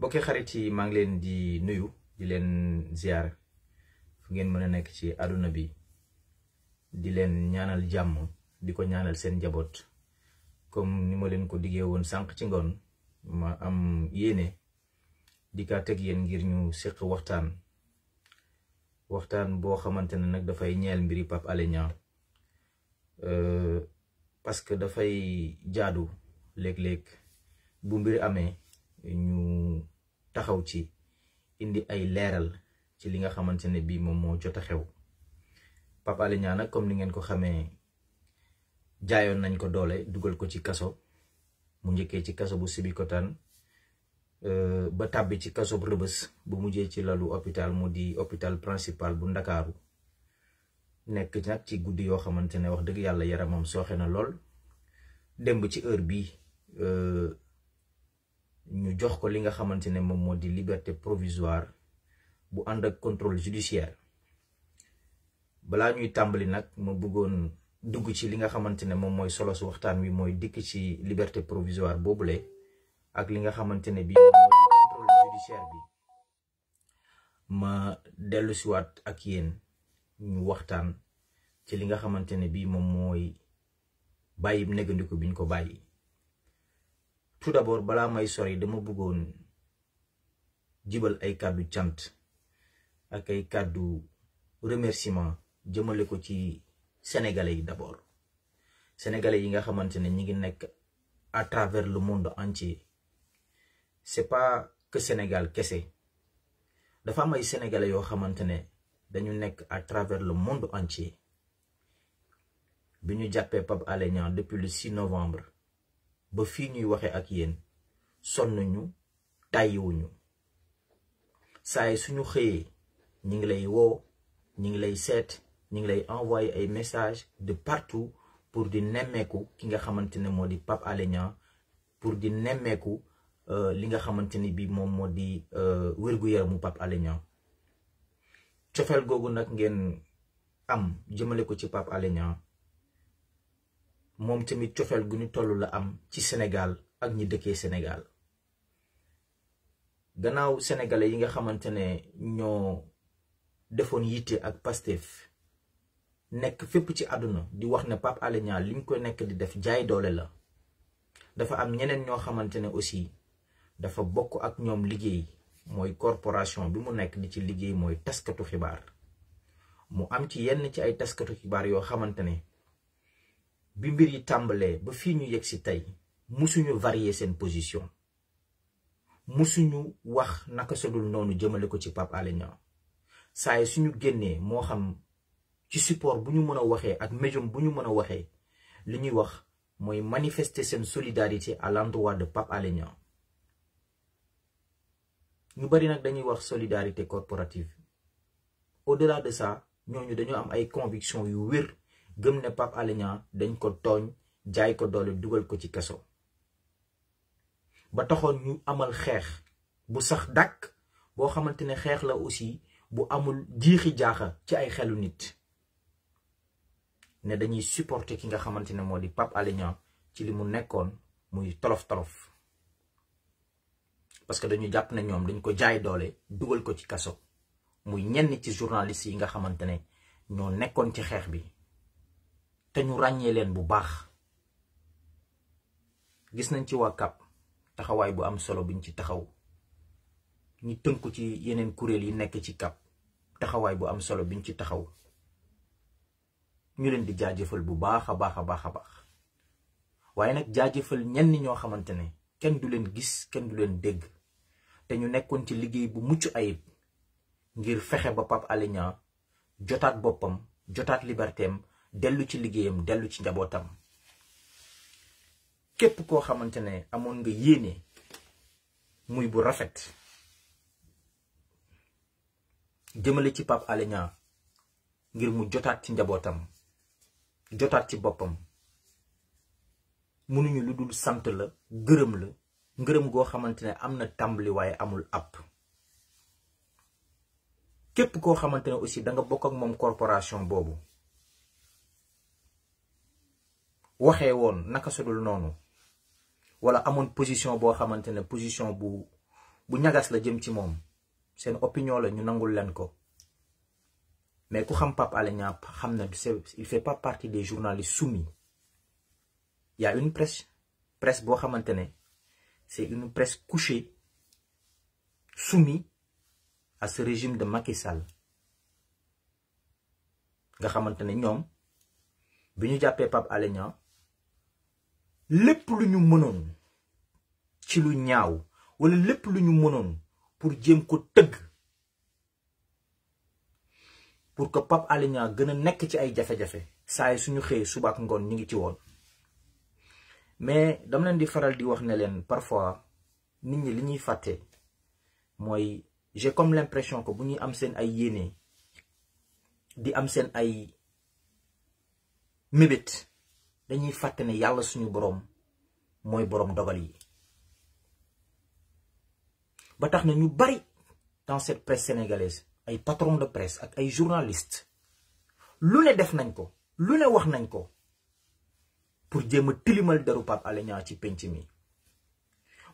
bokki xarit yi maa ngi leen di nuyu di leen ziar fu ngeen mën a nekk ci àdduna bi di leen ñaanal jàmm di ko ñaanal seen njaboot comme ni ma leen ko diggee woon sànq ci ngoon ma am yéene di kaa teg yéen ngir ñu seq waxtaan waxtaan boo xamante ne nag dafay ñeel mbiri Pape Alé Niang euh, parce que dafay jaadu léeg-léeg bu mbir amee ñu taxaw ci indi ay leeral ci li nga xamante ne bii moom moo jot a xew Pape Alé nag comme ni ngeen ko xamee jaayoon nañ ko doole dugal ko ci kaso mu njëkkee ci kaso bu Sébikotane euh, ba tàbbi ci kaso bu Rebeuss bu mujjee ci lalu hôpital mu di hôpital principal bu Ndakaaru nekk nag ci guddi yoo xamante ne wax dëgg yàlla yaramam sooxe na lool démb ci heure bii. Euh, ñu jox ko li nga xamante ne moom moo di liberté provisoire bu ànd ak contrôle judiciaire balaa ñuy tàmbali nag ma bëggoon dugg ci li nga xamante ne moom mooy solo su waxtaan wi mooy dikk ci liberté provisoire boobule ak li nga xamante ne bii moom bi ma dellu siwaat ak yéen ñu waxtaan ci li nga xamante ne bii moom mooy bàyyi négandiku bi ñu ko bàyyi. tout d'abord balaa may yi dama bëggoon jibal ay kàddu cant ak ay kàddu remerciement jëmale ko ci sénégalais yi d'abord sénégalais yi nga xamante ne ñi ngi nekk à travers le monde entier c'est pas que Sénégal kese dafa am ay sénégalais yoo xamante ne dañu nekk à travers le monde entier bi ñu jàppee Pape Alé Niang depuis le 6 novembre ba fii ñuy waxee ak yéen sonn ñu tàyyiwuñu saay suñu xëyee ñi ngi lay woo ñi ngi lay seet ñi ngi lay envoyé ay message de partout pour di nemmeeku ki nga xamante ne moo di Pape Alé pour di nemmeeku euh, li nga xamante ni bi moom moo di euh, wér-gu-yaramu Pape Alé Niang cofeel googu nag ngeen am jëmale ko ci Pape Alé moom tamit cofeel gu ñu tollu la am ci Sénégal ak ñi dëkkee Sénégal gannaaw sénégalais yi nga xamante ne ñoo defoon yitte ak Pastef nekk fépp ci àdduna di wax ne Pape Alé li ñu ko nekk di def jaay doole la dafa am ñeneen ñoo xamante ne aussi dafa bokk ak ñoom liggéey mooy corporation bi mu nekk di ci liggéey mooy taskatu xibaar mu am ci yenn ci ay taskatu xibaar yoo xamante ne bi mbir yi tàmbalee ba fii ñu yegg si tey musuñu varier seen position musuñu wax naka sodul noonu jëmale ko ci Pape Alé Niang saa yi suñu génnee moo xam ci support bu ñu mën a waxee ak médium bu ñu mën a waxee li ñuy wax mooy manifester seen solidarité à l'endroit de Pape Alé ñu bari nag dañuy wax solidarité corporative au-delà de ça ñooñu dañoo am ay convictions yu wér gëm ne Pape Alé dañ ko tooñ jaay ko doole dugal ko ci kaso ba taxoon ñu amal xeex bu sax dàq boo xamante ne xeex la aussi bu amul jiixi jaaxa ci ay xelu nit ne dañuy supporter ki nga xamante ne moo di Pape Alé ci li mu nekkoon muy tolof tolof parce que dañu jàpp na ñoom dañ ko jaay doole dugal ko ci kaso muy ñenn ci journaliste yi nga xamante ne ñoo nekkoon ci xeex bi te ñu ràññee leen bu baax gis nañ ci waa CAP taxawaay bu am solo buñ ci taxaw ñu tënku ci yeneen kuréel yi nekk ci CAP taxawaay bu am solo biñ ci taxaw ñu leen di jaajëfal bu baax a baax a baax a baax waaye nag jaajëfal ñenn ñoo xamante ne kenn du leen gis kenn du leen dégg te ñu nekkoon ci liggéey bu mucc ayib ngir fexe ba Pape Alé Niang jotaat boppam jotaat libertéem dellu ci liggéeyam dellu ci njabootam képp koo xamante ne amoon nga yéene muy bu rafet jëmale ci Pape Alé ngir mu jotaat ci njabootam jotaat ci boppam mënuñu lu dul sant la gërëm la ngërëm goo xamante ne am na tàmbali waaye amul app képp koo xamante ne aussi danga bokk ak moom corporation boobu waxee woon naka solul noonu wala amoon position boo xamante ne position bu bu ñagas la jëm ci moom seen opinion la ñu nangul leen ko mais ku xam Pape Alé xam na il fait pas partie des journalistes soumis il y a une presse presse boo xamante ne c'est une presse couchée soumise a ce régime de Macky nga xamante ne ñoom bi ñu jàppee Pape Alé lépp lu ñu mënoon ci lu ñaaw wala lépp lu ñu mënoon pour jéem ko tëgg pour que Pape Alé gën a nekk ci ay jafe-jafe saa yi suñu xëyee suba ngoon ñu ngi ci woon mais dama leen di faral di wax ne leen parfois nit ñi li ñuy fàtte mooy j'ai comme l'impression que bu ñuy am seen ay yéene di am seen ay mébét dañuy fàtte ne yàlla suñu boroom mooy boroom dogal yi ba tax na ñu bari dans cette presse sénégalaise ay patron de presse ak ay journalistes lu ne def nañ ko lu ne wax nañ ko pour jéem a tilimal deru Pape Alé ci penc mi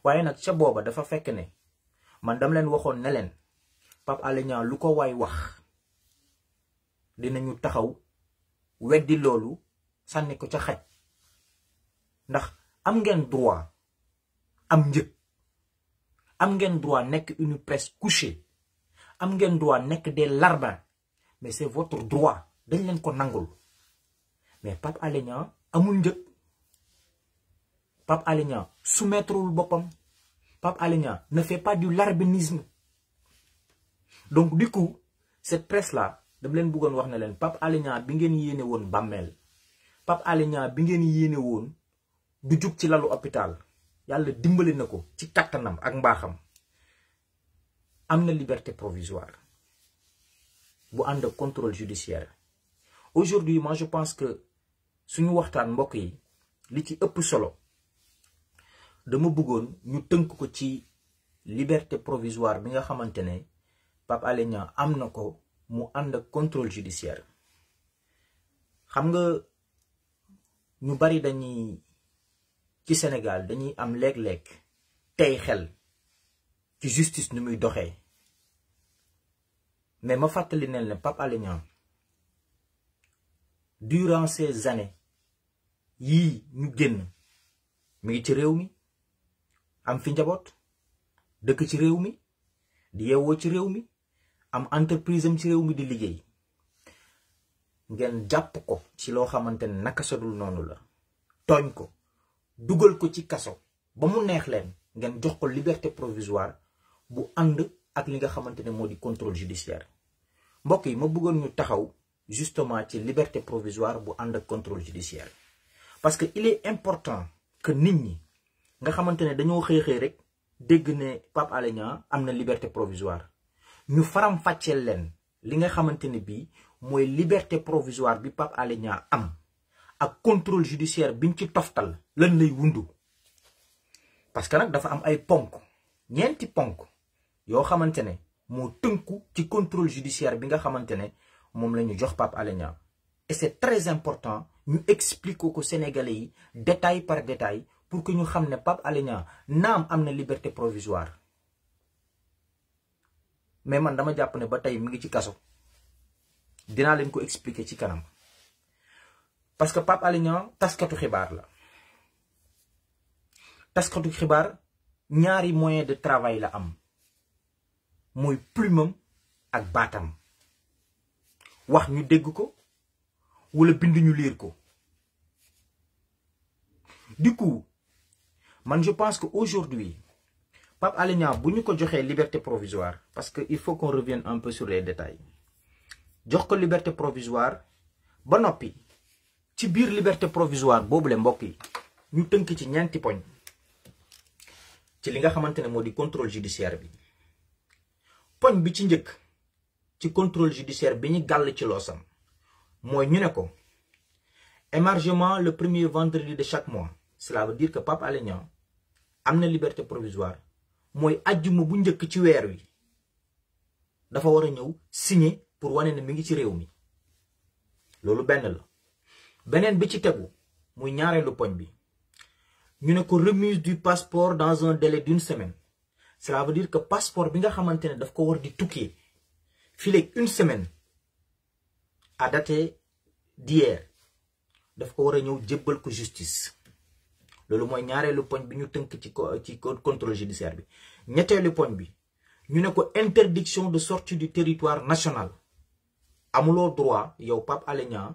waaye nag ca booba dafa fekk ne man dam leen waxoon ne leen Pape Alé lu ko waay wax dinañu taxaw weddi loolu sànni ko ca xaj ndax am ngeen droit am njëg am ngeen droit nekk une presse couchée am ngeen droit nekk des larbins mais c'est votre droit dañ leen ko nangul mais Pape Alé Niang amul njëg Pape Alé Niang soumettrewul boppam Pape Alé Niang ne fait pas du larbinisme donc du coup cette presse là dama leen buggoon wax ne leen Pape Alé bi ngeen yéene woon bàmmeel Pape Alé bi ngeen yéene woon du jug ci lalu hôpital yàlla dimbali na ko ci kàttanam ak mbaaxam am na liberté provisoire bu ànd ak contrôle judiciaire aujourd'hui moi je pense que suñu waxtaan mbokk yi li ci ëpp solo dama buggoon ñu tënk ko ci liberté provisoire bi nga xamante ne Pape am na ko mu ànd ak contrôle judiciaire xam nga ñu bari dañuy ci Sénégal dañuy am léeg-léeg tey xel ci justice nu muy doxee mais ma fàttali nel ne Pape Alé Niang durant ces années yii ñu génn mi ngi ci réew mi am fi njaboot dëkk ci réew mi di yeewoo ci réew mi am entreprise am ci réew mi di liggéey ngeen jàpp ko ci loo xamante ne naka sadul noonu la tooñ ko dugal ko ci kaso ba mu neex leen ngeen jox ko liberté provisoire bu ànd ak li nga xamante ne moo di contrôle judiciaire mbokk yi ma bëggoon ñu taxaw justement ci liberté provisoire bu ànd ak contrôle judiciaire parce que il est important que nit ñi nga xamante ne dañoo xëy rek dégg ne Pape Alé am na liberté provisoire ñu faram fàcceel leen li nga xamante ne bii mooy liberté provisoire bi Pape Alé am ak contrôle judiciaire biñ ci toftal lañ lay wundu parce que nag dafa am ay ponk ñeenti ponk yoo xamante ne moo tënku ci contrôle judiciaire bi nga xamante ne moom la ñu jox Pape Alé Niang et c'est très important ñu expliquer ko Sénégalais yi détail par détail pour que ñu xam ne Pape Alé naam am na liberté provisoire mais man dama jàpp ne ba tey mu ngi ci kaso dinaa leen ko expliquer ci kanam parce que Pape Alé Niang taskatu xibaar la taskatu xibaar ñaari moyen de travail la am mooy plumam ak baatam wax ñu dégg ko wala bind ñu liir ko du coup man je pense que aujourd'hui Pape Alé Niang bu ñu ko joxee liberté provisoire parce que il faut qu'on revienne un peu sur les détails jox ko liberté provisoire ba noppi ci biir liberté provisoire boobule mbokk yi ñu tënk ci ñeenti poñ ci li nga xamante ne moo di contrôle judiciaire bi poñ bi ci njëkk ci contrôle judiciaire bi ñu gàll ci loosam mooy ñu ne ko émargement le premier vendredi de chaque mois cela veut dire que Pape Alé am na liberté provisoire mooy ajjuma bu njëkk ci weer wi dafa war a ñëw signer pour wane ne mi ngi ci réew mi loolu benn la beneen bi ci tegu muy ñaareelu poñ bi ñu ne ko remise du passeport dans un délai d'une semaine cela veut dire que passeport bi nga xamante ne daf ko war di tukkee fileeg une semaine à dater d'hier daf ko war a ñëw jébbal ko justice loolu mooy ñaareelu poñ bi ñu tënk ci ci contrôle judiciaire bi ñetteelu poñ bi ñu ne ko interdiction de sortie du territoire national amuloo droit yow Pape Alé Niang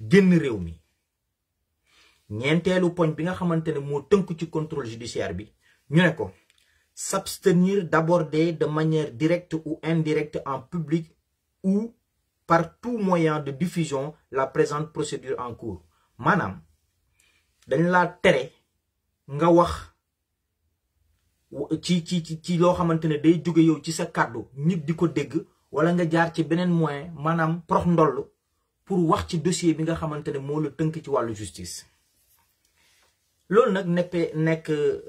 génn réew mi ñeenteelu poñe bi nga xamante ne moo tënk ci contrôle judiciaire bi ñu ne ko s'abstenir d'aborder de manière directe ou indirecte en public ou par tout moyen de diffusion la présente procédure en cours maanaam dañ la tere nga wax ci ci ci loo xamante ne day jóge yow ci sa kàddu nit di ko dégg wala nga jaar ci beneen moyen maanaam prox ndoll pour wax ci dossier bi nga xamante ne moo la tënk ci wàllu justice loolu nag neppee nekk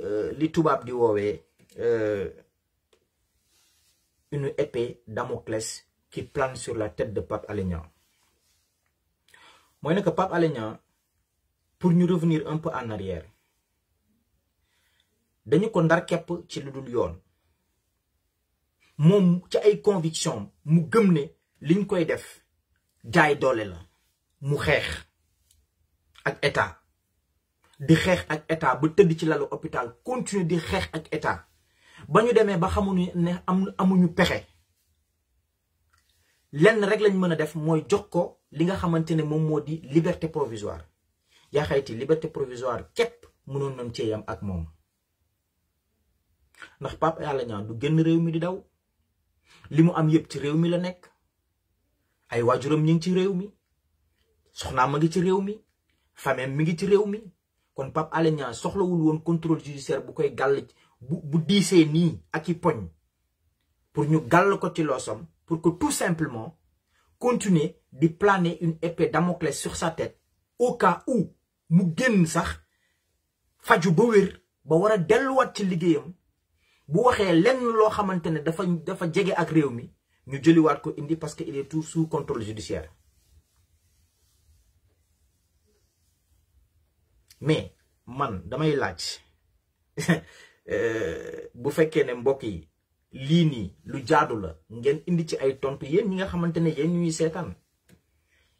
euh, li tubaab di woowee euh, une épée Damoclès qui plane sur la tête de Pape Alé mooy ne que Pape Alé pour ñu revenir un peu en arrière dañu ko ndar ci lu dul yoon moom ci ay conviction mu gëm ne liñ koy def jaay doole la mu xeex ak état di xeex ak état ba tëdd ci lalu hôpital continuer di xeex ak état ba ñu demee ba xamuñu ne am amuñu pexe lenn rek lañ mën a def mooy jox ko li nga xamante ne moom moo di liberté provisoire yaa xayti liberté provisoire képp mënoon nañ cee yam ak moom ndax Pape yàlla Niang du génn réew mi di daw li mu am yëpp ci réew mi la nekk ay waajuram ñu ngi ci réew mi soxnaam ma ngi ci réew mi famem mi ngi ci réew mi kon Pape Alé Niang soxlawul woon contrôle judiciaire bu koy gàll bu bu diisee nii ak i poñ pour ñu gàll ko ci loosom pour que tout simplement continuer di planer une épée Damoclès sur sa tête au cas où mu génn sax faju ba wér ba war a delluwaat ci liggéeyam bu waxee lenn loo xamante ne dafa dafa jege ak réew mi ñu jëliwaat ko indi parce que il est tout sous contrôle judiciaire mais man damay laaj euh, bu fekkee ne mbokk yi lii nii lu jaadu la ngeen indi ci ay tontu yéen ñi nga xamante ne yéen ñuy seetaan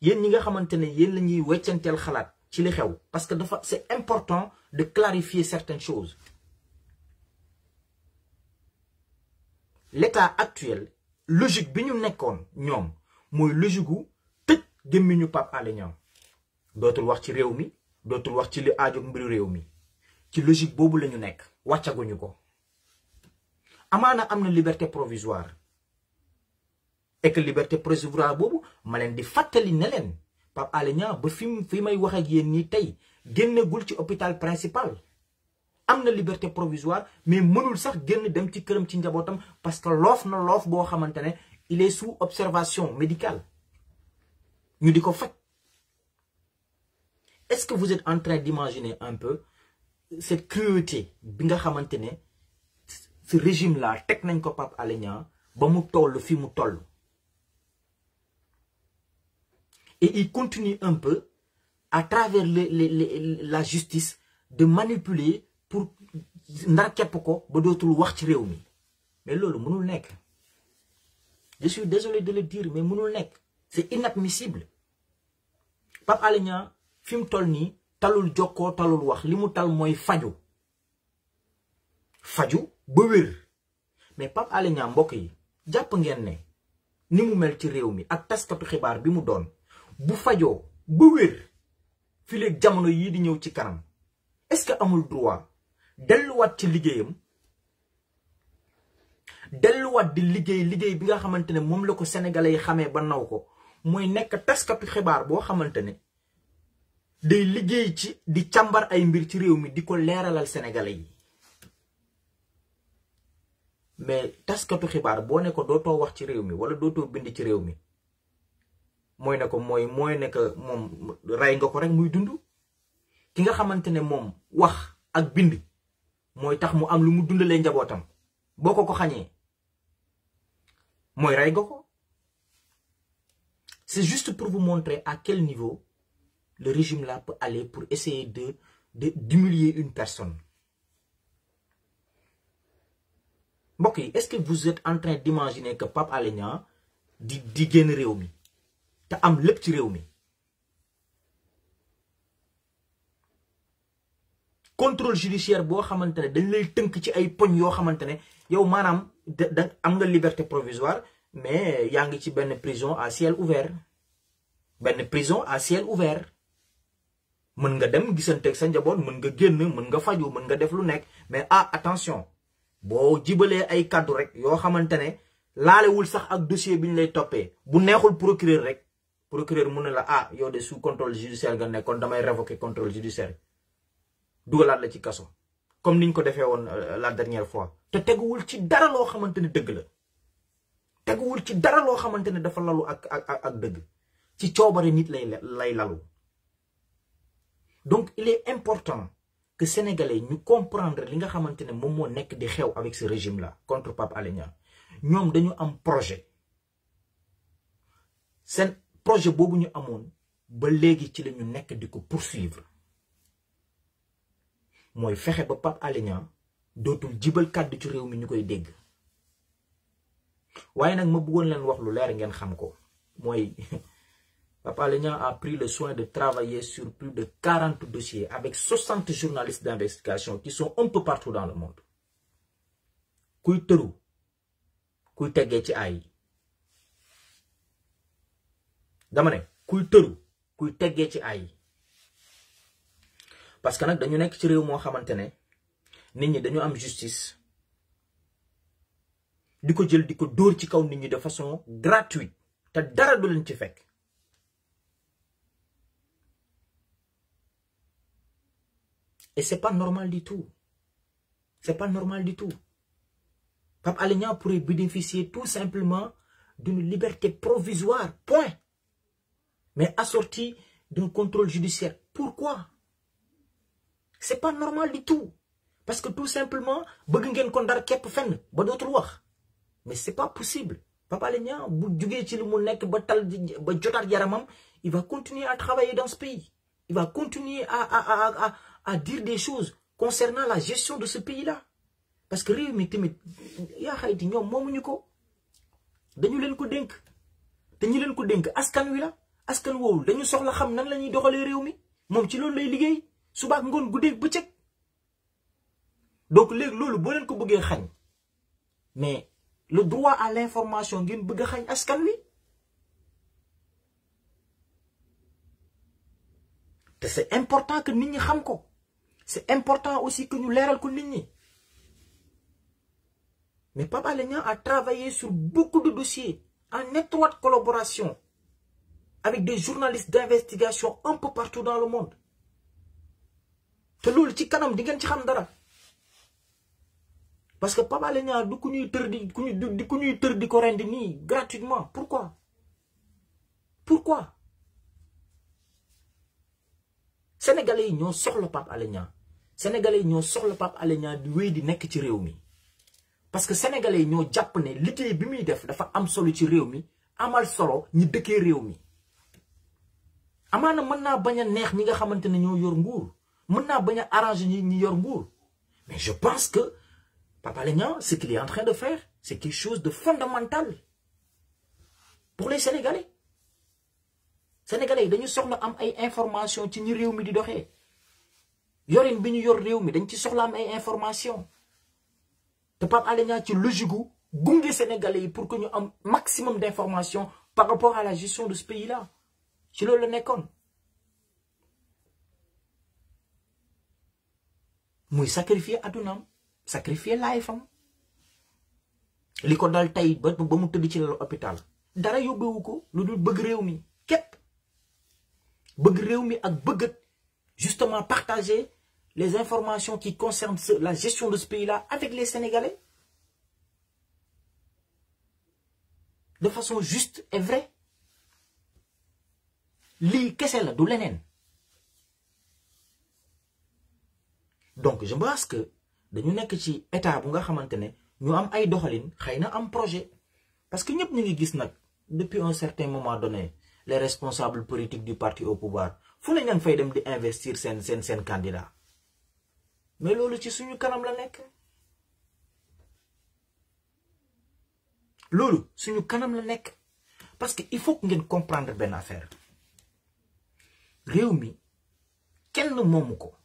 yéen ñi nga xamante ne yéen la ñuy weccanteel xalaat ci li xew parce que dafa c'est important de clarifier certaines choses l'état actuelle logique bi ñu nekkoon ñoom mooy logique gu tëj gémmiñu Pape Alé dootul wax ci réew mi dootul wax ci li aajoog mbiru réew mi ci logique boobu lañu nekk wàccaguñu ko amaana am na liberté provisoire et que liberté provisoire boobu ma leen di fàttali ne leen Pape ba fi fi may wax ak yéen ñi tey génnagul ci hôpital principal am na liberté provisoire mais mënul sax génn dem ci këram ci njabootam parce que loof na loof boo xamante ne il est sous observation médicale ñu di ko faj est-ce que vous êtes en train d'imaginer un peu cette cruauté bi nga xamante ne ce régime là teg nañ ko Pape Alé ba mu toll fi mu toll et il continue un peu à travers le, le, le, la justice de manipuler pour ndar képp ko ba dootul wax ci réew mi mais loolu mënul nekk je suis désolé de le dire mais mënul nekk si inadmissible Pape Alé Niang fi mu toll nii talul jokkoo talul wax li mu tal mooy faju faju ba wér mais Pape Alé mbokk yi jàpp ngeen ne ni mu mel ci réew mi ak taskatu xibaar bi mu doon bu fajoo ba wér fileeg jamono yii di ñëw ci kanam est-ce amul droit delluwaat ci liggéeyam delluwaat di liggéey liggéey bi nga xamante ne moom la ko sénégalais yi xamee ba naw ko mooy nekk taskatu xibaar boo xamante ne day liggéey ci di càmbar ay mbir ci réew mi di ko leeralal sénégalais yi mais taskatu xibaar boo ne ko wax ci réew mi wala dootoo bind ci réew mi mooy ne ko moom rey nga ko rek muy dund ki nga xamante ne moom wax ak bind mooy tax mu am lu mu dundalee njabootam boo ko ko xañee mooy rey nga ko c'est juste pour vous montrer à quel niveau le régime la peut aller pour essayer de de d'humilier une personne mbokk yi est-ce que vous êtes en train d'imaginer que Pape Alé Niang di di génn réew mi te am lépp ci réew mi controle judiciaire boo xamante ne dañ lay tënk ci ay poñ yoo xamante ne yow maanaam da am nga liberté provisoire mais yaa ngi ci benn prison à ciel ouvert benn prison à ciel ouvert mën nga dem gisanteeg sa njaboot mën nga génn mën nga faju mën nga def lu nekk mais ah attention boo jibalee ay kàddu rek yoo xamante ne laalewul sax ak dossier bi ñu lay toppee bu neexul procureur rek procureur mun ne la ah yow de sous contrôle judiciaire nga nekkoon damay dugalaat la ci kaso comme ni niñ ko defee woon euh, la dernière fois te teguwul ci dara loo xamante ne dëgg la teguwul ci dara loo xamante ne dafa lalu ak ak ak dëgg ci coobare nit lay lay lalu donc il est important que sénégalais ñu comprendre li nga xamante ne moom moo nekk di xew avec ce régime là contre Pape Alé ñoom dañu am projet seen projet boobu ñu amoon ba léegi ci lañu ñu nekk di ko poursuivre mooy fexe ba Pape Alé dootul jibal kàddu ci réew mi ñu koy dégg waaye nag ma buggoon leen wax lu leer ngeen xam ko mooy Pape Alé Niang a pris le soin de travailler sur plus de quarante dossiers avec soixante journalistes d'investigation qui sont un peu partout dans le monde kuy tëru kuy teggee ci ay dama ne kuy tëru kuy teggee ci ay parce que nag dañu nekk ci réew moo xamante ne nit ñi dañu am justice di ko jël di ko dóor ci kaw nit ñi de façon gratuite te dara du leen ci fekk et c'est pas normal du tout c'est pas normal du tout Pape Alé Niang pourrait bénéficier tout simplement d'une liberté provisoire point mais assortie d'un contrôle judiciaire pourquoi c'est pas normal di tout parce que tout simplement bëgg ngeen ko ndar képp fenn ba dootul wax mais c'est pas possible Papa Alé Niang bu jugee ci li mu nekk ba tal ba jotaat jaramam il va continuer à travailler dans ce pays il va continuer à à à à à dire des choses concernant la gestion de ce pays là parce que réew mi tamit yaa xayti ñoom moomuñu ko dañu leen ko dénk te ñu leen ko dénk askan wi la askan woowu dañu soxla xam nan la ñuy doxalee réew mi moom ci loolu lay liggéey. suba ak ngoon guddeeg bëccëg donc léegi loolu boo leen ko bëggee xañ mais le droit à l'information ngeen bëgg a askan wi te c'est important que nit ñi xam ko c'est important aussi que ñu leeral ko nit ñi mais Pape Alé Niang a travaillé sur beaucoup de dossiers en étroite collaboration avec des journalistes d'investigation un peu partout dans le monde te loolu ci kanam di ngeen ci xam dara parce que Pape Alé Niang du ku ñuy tër di ku ñuy tër di ko rendi nii gratuitement pour pourquoi pour yi ñoo soxla Pape Alé Niang sénégalais yi ñoo soxla Pape Alé Niang di wéy di nekk ci réew mi parce que sénégalais yi ñoo jàpp ne liggéey bi muy def dafa am solo ci réew mi amal solo ñi dëkkee réew mi amaana mën naa bañ a neex ñi nga xamante ne ñoo yor nguur mën naa bañ a arranger ni ni yor nguur mais je pense que Pape Alé Niang ce qu'il est en train de faire c'est quelque chose de fondamental pour les Sénégalais Sénégalais yi dañu soxla am ay information ci ñu réew mi di doxee yorin bi ñu yor réew mi dañ ci soxla am ay information te Pape Alé Niang ci logique gu gunge Sénégalais yi pour que ñu am maximum d'informations par rapport à la gestion de ce pays-là ci loolu la nekkoon muy sacrifier addunaam sacrifier life am li ko dal tey ba ba mu tëdd ci lalu hôpital dara yóbbewu ko lu dul bëgg réew mi képp bëgg réew mi ak bëgg justement partager les informations qui concernent la gestion de ce pays-là avec les Sénégalais de façon juste et vraie lii kese la du leneen donc je pense que dañu nekk ci état bu nga xamante ne ñu am ay doxalin xëy na am projet parce que ñëpp ñu ngi gis nag depuis un certain moment donné les responsables politiques du parti au pouvoir fu ne ña fay dem di investir seen seen seen candidat mais loolu ci suñu kanam la nekk loolu suñu kanam la nekk parce que il faut ngeen comprendre benn affaire réew mi kenn moomu ko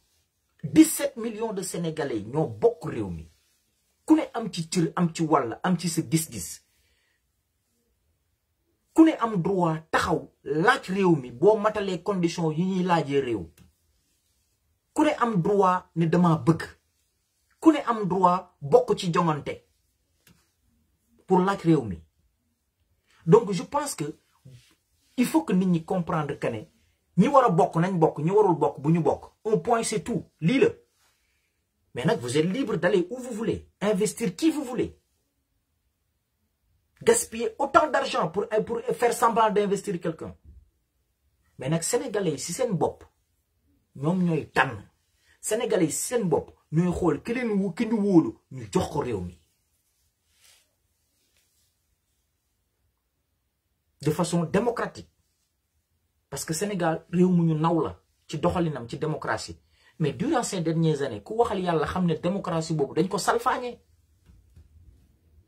17 millions de sénégalais ñoo bokk réew mi ku ne am ci cër am ci wàll am ci sa gis-gis ku ne am droit taxaw laaj réew mi boo matalee condition yi ñuy laajee réew ku ne am droit ni dama bëgg ku ne am droit bokk ci joŋante pour laaj réew mi donc je pense que il faut que nit ñi comprendre que ne ñi war a bokk nañ bokk ñi warul bokk bu ñu bokk un point c'est tout lii la mais nag vous êtes libre dale où vous voulez investir qui vous voulez gaspiller autant d'argent pour pour faire semblant d'investir quelqu'un mais nag sénégalais si seen bopp ñoom ñooy tànn sénégalais yi si seen bopp ñooy xool ki leen wu ki ñu wóolu ñu jox ko réew mi de façon démocratique parce que Sénégal réew mu ñu naw la ci doxalinam ci démocratie mais durant ces dernières années ku waxal yàlla xam ne démocratie boobu dañ ko salfaañe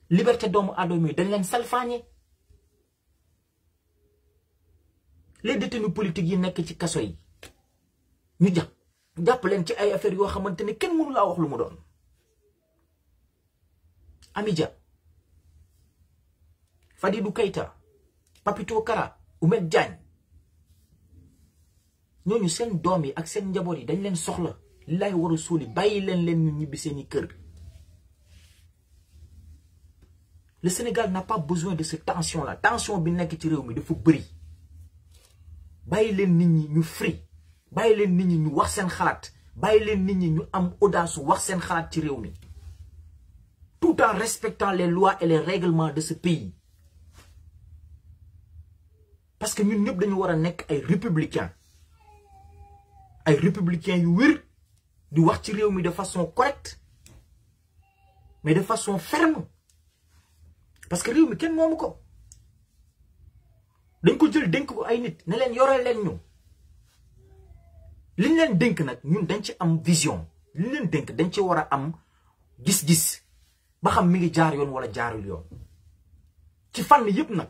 liberté doomu aadama yi dañ leen salfaañe les détenus politiques yi nekk ci kaso yi ñu jàpp jàpp ci ay affaires yoo xamante ne kenn mënu laa wax lu mu doon Amidia Fadilou Keita Papito Kara Oumed Diagne ñooñu seen doom yi ak seen njaboot yi dañ leen soxla lay war a suuli bàyyi leen leen ñu ñibbi seeni kër le Sénégal n'a pas besoin de cette tension là tension bi nekk ci réew mi dafa bëri bàyyi leen nit ñi ñu free bàyyi leen nit ñi ñu wax seen xalaat bàyyi leen nit ñi ñu am audace wax seen xalaat ci réew mi tout en respectant les lois et les règlements de ce pays parce que ñun ñëpp dañu war a nekk ay républicains ay républicain yu wér di wax ci réew mi de façon correcte mais de façon ferme parce que réew mi kenn moomu ko dañ ko jël dénk ko ay nit ne leen yoreel leen ñu liñ leen dénk nag ñun dañ ci am vision li leen dénk dañ ci war a am gis-gis ba xam mi ngi jaar yoon wala jaarul yoon ci fànn yëpp nag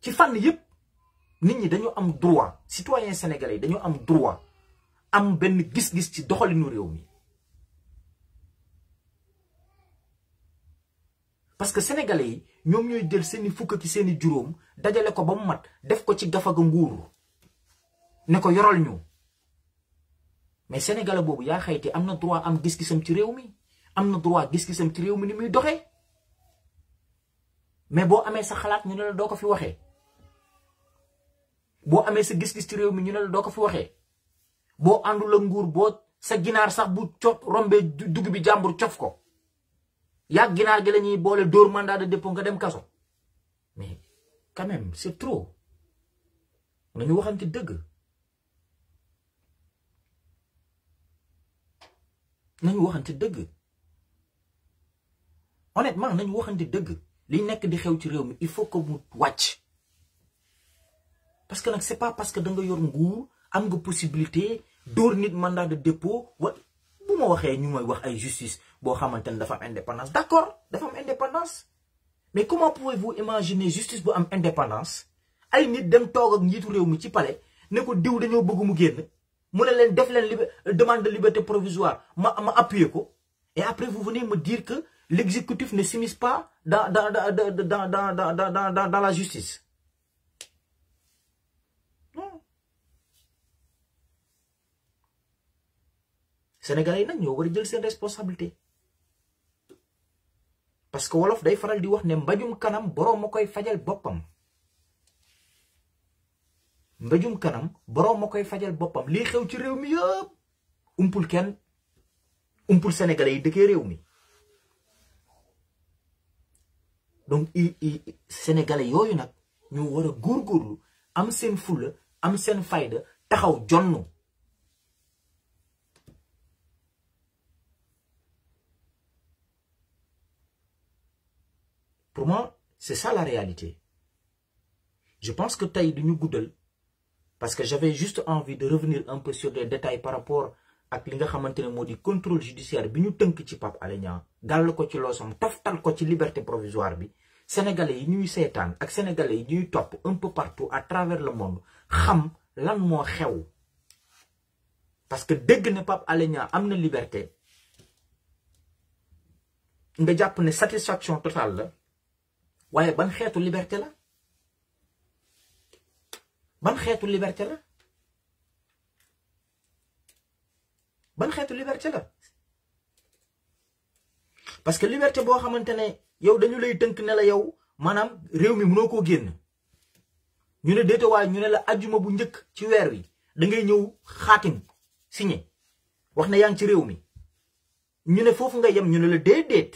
ci fànn yëpp nit ñi dañu am droit citoyen yi dañu am droit am benn gis-gis ci doxalinu réew mi parce que sénégalais yi ñoom ñooy jël seeni fukk ki seeni juróom dajale ko ba mu mat def ko ci gafaga nguur ne ko yoral ñu mais sénégalais boobu yaa xayti am na droit am gis-gisam ci réew mi am na droit gis-gisam ci réew mi ni muy doxee mais boo amee sa xalaat ñu ne la doo ko fi waxee boo amee sa gis-gis ci réew mi ñu ne la doo ko fi waxee boo àndul ak nguur boo sa ginaar sax bu co rombee dugub bi jàmbur cof ko yàgg ginaar gi la ñuy boole dóor mandat de dépôt nga dem kaso mais quand même c'est trop nañu waxante dëgg nañu waxante dëgg honnêtement nañu waxante dëgg li nekk di xew ci réew mi il faut que mu wàcc. parce que nag c'est pas parce que da nga yor nguur am nga possibilité door nit mandat de dépôt wa bu ma waxee ñu may wax ay justice boo xamante ne dafa am indépendance d'accord dafa am indépendance mais comment pouvez-vous imaginer justice bu am indépendance ay nit dem toog ak njiitu réew mi ci palais ne ko diw dañoo bëgg mu génn mu ne leen def leen demande de liberté provisoire ma ma appuyer ko et après vous venez me dire que l'exécutif ne s'immisce pas dans dans dans dans dans dans dans dans la justice. yi nag ñoo war a jël seen responsabilité parce que wolof day faral di wax ne mbajum kanam boroom ma koy fajal boppam mbajum kanam boroom ma koy fajal boppam lii xew ci réew mi yëpp umpul kenn umpul sénégalais yi dëkkee réew mi donc i yooyu nag ñu war a góorgóorlu am seen fulla am seen fayda taxaw jonn c'est ça la réalité je pense que tey ñu guddal parce que j'avais juste envie de revenir un peu sur des détails par rapport ak li nga xamante ne moo di contrôle judiciaire bi ñu tënk ci Pape Alé Niang gàll ko ci loosam toftal ko ci liberté provisoire bi sénégalais yi ñuy seetaan ak sénégalais yi ñuy topp un peu partout à travers le monde xam lan moo xew parce que dégg ne Pape Alé am na liberté nga jàpp ne satisfaction totale la waaye ban xeetu liberte la ban xeetu liberté la ban xeetu liberté la parce que liberté boo xamante ne yow dañu lay tënk ne la yow maanaam réew mi mënoo koo génn ñu ne déeta waaye ñu ne la ajuma bu njëkk ci weer wi da ngay ñëw xaatim signé wax na yaa ngi ci réew mi ñu ne foofu nga yem ñu ne la déedéet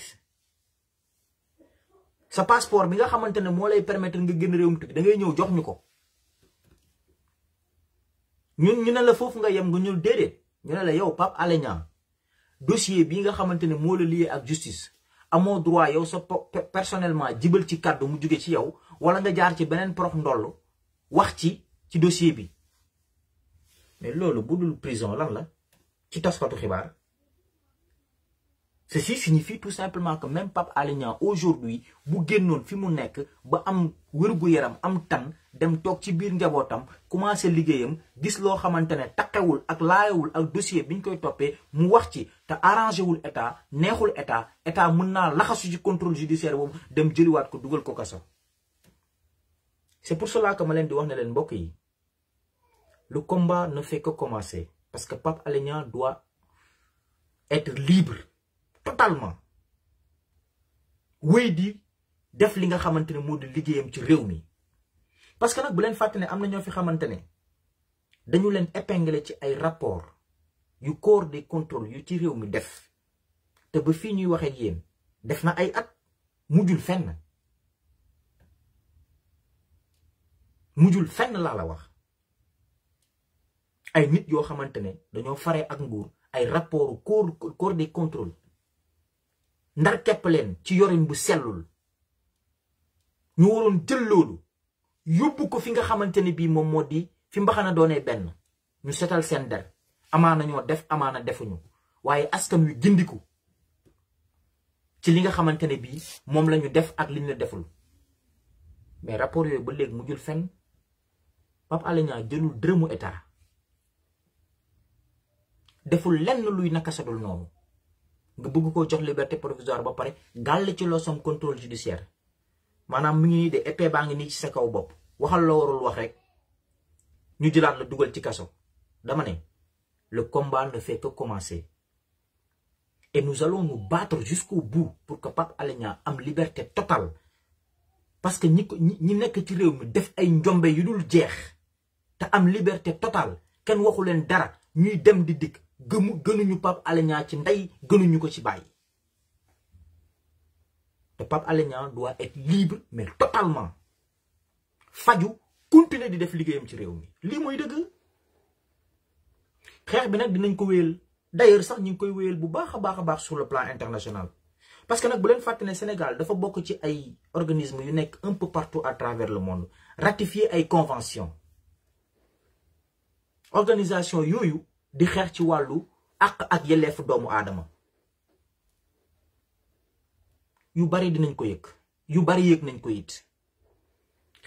sa passeport bi nga xamante ne moo lay permettre nga génn réewum tukki da ngay ñëw jox ñu ko ñun ñu ne la foofu nga yem nga ñuul déedéet ñu ne la yow Pape Alé Niang bi bii nga xamante ne moo la lié ak justice amoo droit yow sa personnellement jibal ci kàddu mu jóge ci yow wala nga jaar ci beneen prof ndoll wax ci ci dossier bi mais loolu bu dul prison lan la ci taskatu xibaar ceci signifie tout simplement que même Pape Alé Niang aujourd'hui bu génnoon fi mu nekk ba am wér yaram am tan dem toog ci biir njabootam commencé liggéeyam gis loo xamante ne taqewul ak laayewul ak dossier bi ñu koy toppee mu wax ci te arrangé wul état neexul état état mën naa laxasu ci contrôle judiciaire boobu dem jëliwaat ko dugal ko kaso c'est pour cela que ma leen di wax na leen mbokk yi le combat na fait que commencer parce que Pape Alé Niang doit être totalement wéy di def li nga xamante ne moo di liggéeyam ci réew mi parce que nag bu leen fàtte am na ñoo fi xamante ne dañu leen épingler ci ay rapport yu corps des contrôles yu ci réew mi def te ba fii ñuy wax ak def na ay at mujjul fenn mujjul fenn laa la wax ay nit yoo xamante ne dañoo fare ak nguur ay rapport corps corps des contrôles ndar kepp leen ci yorin bu sellul ñu waroon jël loolu yóbbu ko fi nga xamante ne bii moom moo di fi mbaxana doonee benn ñu setal seen der amaana ñoo def amaana defuñu waaye askan wi gindiku ci li nga xamante ne bii moom lañu def ak li ñu deful mais rapport yooyu ba léegi mujjul fenn Pape Alé Niang jëlul dërëmu état deful lenn luy nakasadul noonu nga bëgg koo jox liberté provisoire ba pare gàll ci loo sam contrôle judiciaire maanaam mu ngi nii de épée baa ngi nii ci sa kaw bopp waxal la warul wax rek ñu jëlaat la dugal ci kaso dama ne le combat ne fait que commencer et nous allons nous battre jusqu'au bout pour que Pape Alé Niang am liberté total parce que ñi ko ñi nekk ci réew mi def ay njombe yu dul jeex te am liberté total kenn waxu leen dara ñuy dem di dikk gëmu gënuñu Pape Alé ci ndey gënuñu ko ci bàyyi te Pape Alé Niang doit être libre mais totalement faju continuer di def liggéeyam ci réew mi lii mooy dëgg xeex bi nag dinañ ko wéel d'ailleurs sax ñu ngi koy wéyal bu baax a baax a baax sur le plan international parce que nag bu leen fàtte ne Sénégal dafa bokk ci ay organismes yu nekk un peu partout à travers le monde ratifier ay convention organisation yooyu di xeex ci wàllu àq ak yelleefu doomu aadama yu bari dinañ ko yëg yu bari yëg nañ ko it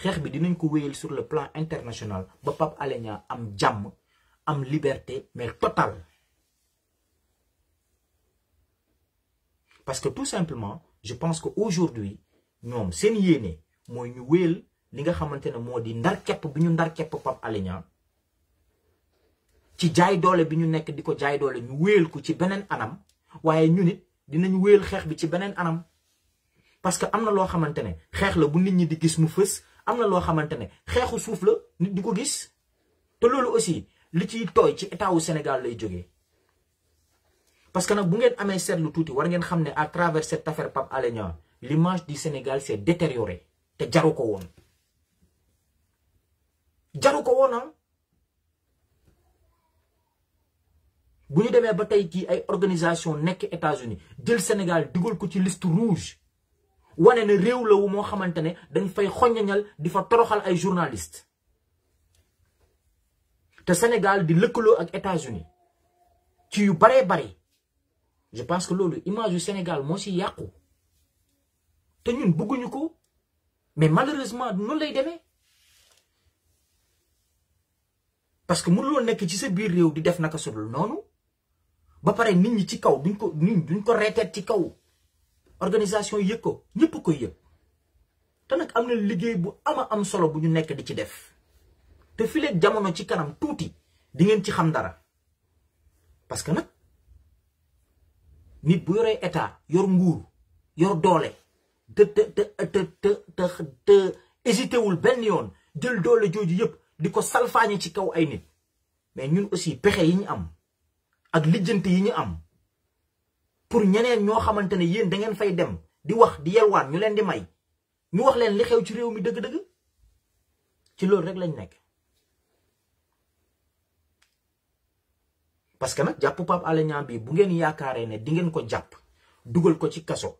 xeex bi dinañ ko wéyal sur le plan international ba Pape Alé am jàmm am liberté mais totale parce que tout simplement je pense que aujourd'hui ñoom seen yéene mooy ñu wéyal li nga xamante ne moo di ndar kepp bi ñu ndar kepp Pape ci jaay doole bi ñu nekk di ko jaay doole ñu wéel ko ci beneen anam waaye ñu nit dinañ wéel xeex bi ci beneen anam parce que am na loo xamante ne xeex la bu nit ñi di gis mu fës am na loo xamante ne xeexu suuf la nit di ko gis te loolu aussi li ciy tooy ci état wu Sénégal lay jóge parce que nag bu ngeen amee seetlu tuuti war ngeen xam ne à travers cette affaire Pape Alé Niang l'image du Sénégal s'est détériorée te jaru ko woon jaru ko woon ah. bu ñu demee ba tey jii ay organisation nekk États-Unis jël Sénégal dugal ko ci liste rouge wane na réew la wu moo xamante ne dañ fay xoññañal di fa toroxal ay journaliste te Sénégal di lëkkaloo ak États-Unis ci yu baree bari je pense que loolu image yu Sénégal moo si yàqu te ñun bëgguñu ko mais malheureusement noonu lay demee parce que mënuloo nekk ci sa biir réew di def naka sudul noonu ba pare nit ñi ci kaw duñ ko nit ko reeteet ci kaw organisation yëg ko ñëpp koy yëg te nag am na liggéey bu ama am solo bu ñu nekk di ci def te fileeg jamono ci kanam tuuti di ngeen ci xam dara parce que nag nit bu yoree état yor nguur yor doole te te te te te wul benn yoon jël doole jooju yëpp di ko salfaañe ci kaw ay nit mais ñun aussi pexe yi ñu am ak lijjanti yi ñu am pour ñeneen ñoo xamante ne yéen da ngeen fay dem di wax di yelwaan ñu leen di may ñu wax leen li xew ci réew mi dëgg-dëgg ci loolu rek lañ nekk. parce que nag jàpp Pape Alé Niang bi bu ngeen yaakaaree ne di ngeen ko jàpp dugal ko ci kaso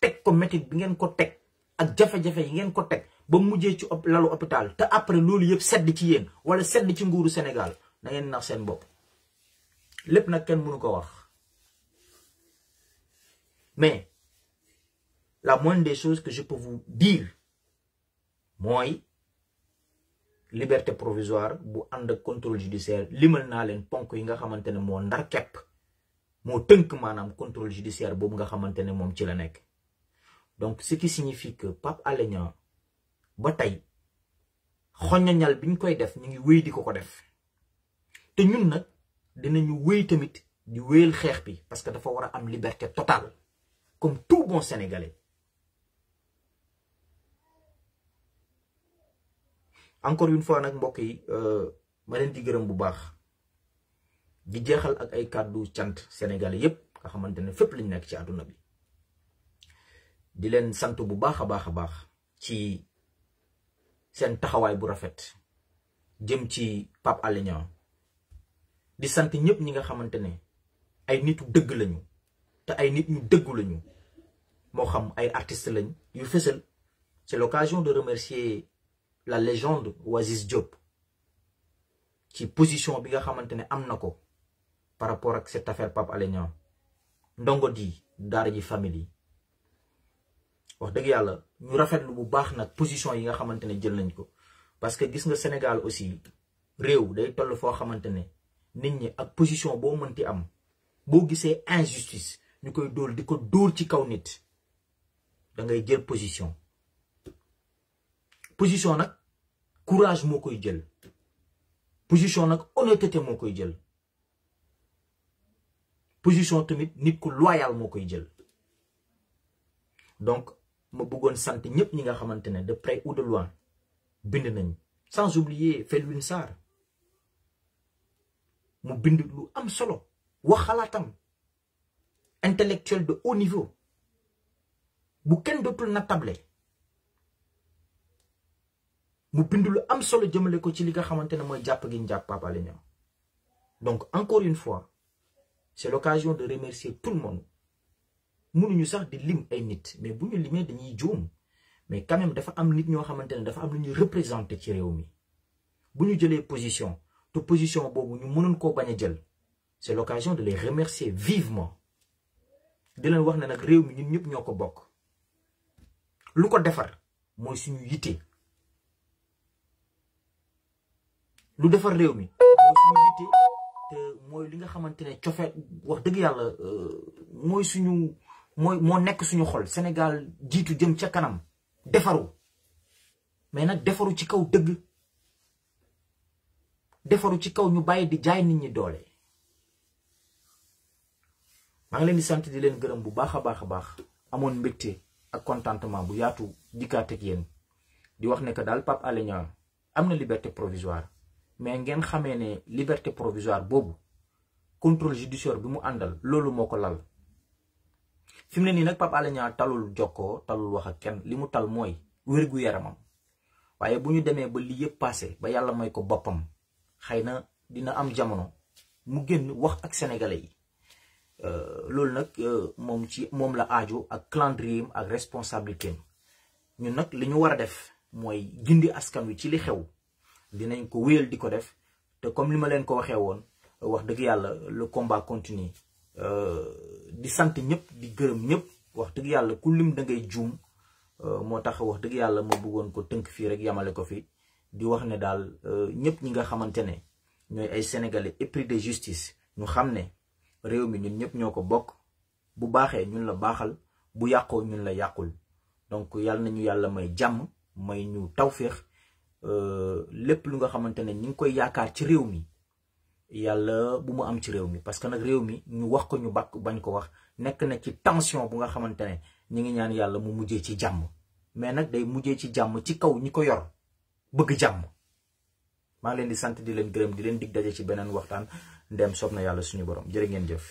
teg ko métit bi ngeen ko teg ak jafe-jafe yi ngeen ko teg ba mujjee ci lalu hôpital te après loolu yëpp sedd ci yéen wala sedd ci nguuru Sénégal da ngeen nax seen bopp. lépp nag kenn mënu ko wax mais la moindre des choses que je peux vous dire mooy liberté provisoire bu ànd ak contrôle judiciaire limal naa leen ponk yi nga xamante ne moo ndar kepp moo tënk maanaam contrôle judiciaire boobu nga xamante ne moom ci la nekk donc ce qui signifie que Pape Alé ba tey xoñoñal biñ koy def ñu ngi wéy di ko ko def te ñun nag dina ñu wéy tamit di wéyal xeex bi parce que dafa war a am liberté totale comme tout bon sénégalais encore une fois nag mbokk yi euh, ma leen di gërëm bu baax di jeexal ak ay kàddu cant sénégalais yépp nga xamante ne fépp lañ nekk ci àdduna bi di leen sant bu baax a baax a baax ci seen taxawaay bu rafet jëm ci Pape Alé di sant ñëpp ñi nga xamante ne ay nitu dëgg lañu te ay nit ñu dëggu lañu moo xam ay artistes lañ yu fësal c'est l'occasion de remercier la légende Oasis Diop ci position bi nga xamante ne am na ko par rapport ak cette affaire Pape Alé ndongo di daara ji famille yi wax dëgg yàlla ñu rafetlu bu baax nag position yi nga xamante ne jël nañ ko parce que gis nga Sénégal aussi réew day toll foo xamante ne nit ñi ak position boo mënti am boo gisee injustice ñu koy dóor di ko dóor ci kaw nit da ngay jël position position nag courage moo koy jël position nag honnêteté moo koy jël position tamit nit ku loyal moo koy jël donc ma bëggoon sant ñëpp ñi nga xamante ne de près ou de loin bind nañ sans oublier Felwine Sarr mu bind lu am solo wax xalaatam intellectuel de haut niveau bu kenn dootul na table mu bind lu am solo jëmale ko ci li nga xamante ne mooy jàpp gi ñu jàpp Pape donc encore une fois c'est l'occasion de remercier tout le monde mënuñu sax di lim ay nit mais bu ñu limee dañuy juum mais quand même dafa am nit ñoo xamante ne dafa am lu ñu représenter ci réew mi bu ñu jëlee position te position boobu ñu mënoon koo jël c'est de les remercier vivement di leen wax ne nag réew mi ñun ñëpp ñoo ko bokk lu ko defar mooy suñu yitte lu defar réew mi mooy suñu yitte mooy li nga xamante ne cofe wax dëgg yàlla euh, mooy suñu mooy moo nekk suñu xol Sénégal jiitu jëm ca kanam defaru mais nag defaru ci kaw dëgg defaru ci kaw ñu bàyyi di jaay nit ñi doole maa ngi leen di sant di leen gërëm bu baax a baax a baax amoon mbégte ak contentement bu yaatu dikkaat ak di wax ne que daal Pape Alé am na liberté provisoire mais ngeen xamee ne liberté provisoire boobu contrôle judiciaire bi mu àndal loolu moo ko lal fi ne nii nag Pape Alé Niang talul jokkoo talul wax ak kenn li mu tal mooy wér gu yaramam waaye bu ñu demee ba lii yëpp passé ba yàlla may ko boppam. xëy na dina am jamono mu génn wax ak sénégalais yi euh, loolu nag euh, moom ci moom la aajo ak calendrier ak responsabilité ñun nag li ñu war a def mooy gindi askan wi ci li xew dinañ ko wuyal di ko def te comme li ma leen ko waxee woon wax dëgg yàlla le combat continue euh, di sant ñëpp di gërëm ñëpp wax dëgg yàlla ku lim da ngay juum moo tax wax dëgg yàlla ma bëggoon ko tënk fii rek yamale ko fii di wax ne daal euh, ñëpp ñi nga xamante ne ñooy ay sénégalais épris de justice ñu xam ne réew mi ñun ñëpp ñoo ko bokk bu baaxee ñun la baaxal bu yàqoo ñun la yàqul donc yàlla nañu yàlla may jàmm may ñu tawféex euh, lépp lu nga xamante ne ñi ngi koy yaakaar ci réew mi yàlla bu mu am ci réew mi parce que nag réew mi ñu wax ko ñu bàkk bañ ko wax nekk na ci tension bu nga xamante ne ñi ngi ñaan yàlla mu mujjee ci jàmm mais nag day mujjee ci jàmm ci kaw ñi ko yor bëgg jàmm maa leen di sant di leen gërëm di leen dig daje ci beneen waxtaan ndem sob na yàlla suñu borom jërë ngeen jëf